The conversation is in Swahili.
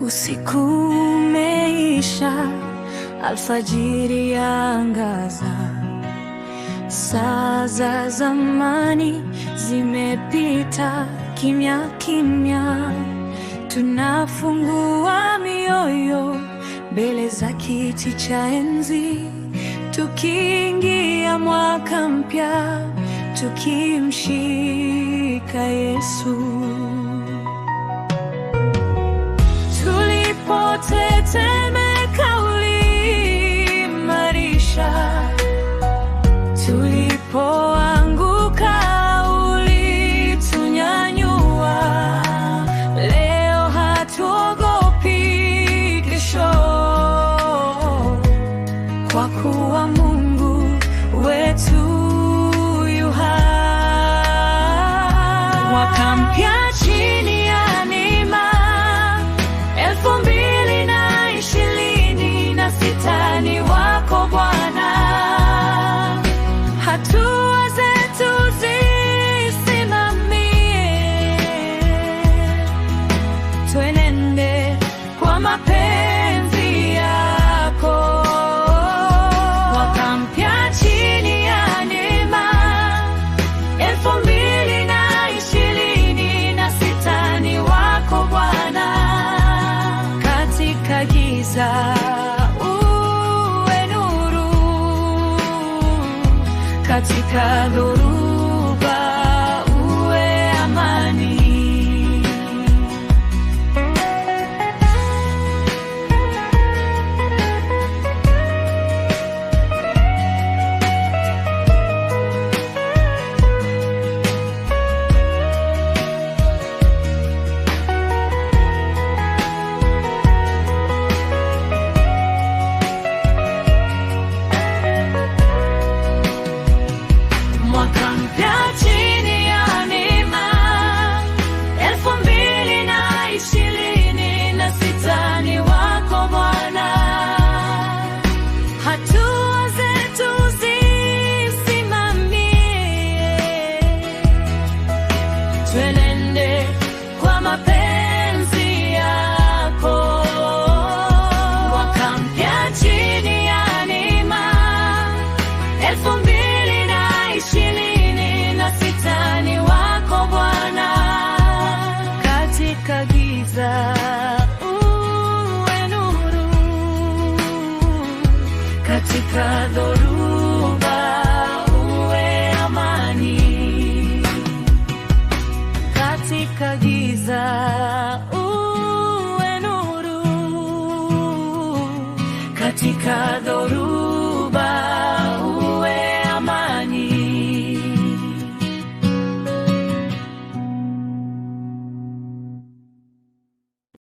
Usiku umeisha, alfajiri yaangaza. Saa za zamani zimepita kimya kimya, tunafungua mioyo mbele za kiti cha enzi, tukiingia mwaka mpya tukimshika Yesu. Tulipoanguka ulitunyanyua, leo kwa kuwa Mungu wetu chini praticador. katika dhoruba, uwe amani katika giza, uwe nuru katika dhoruba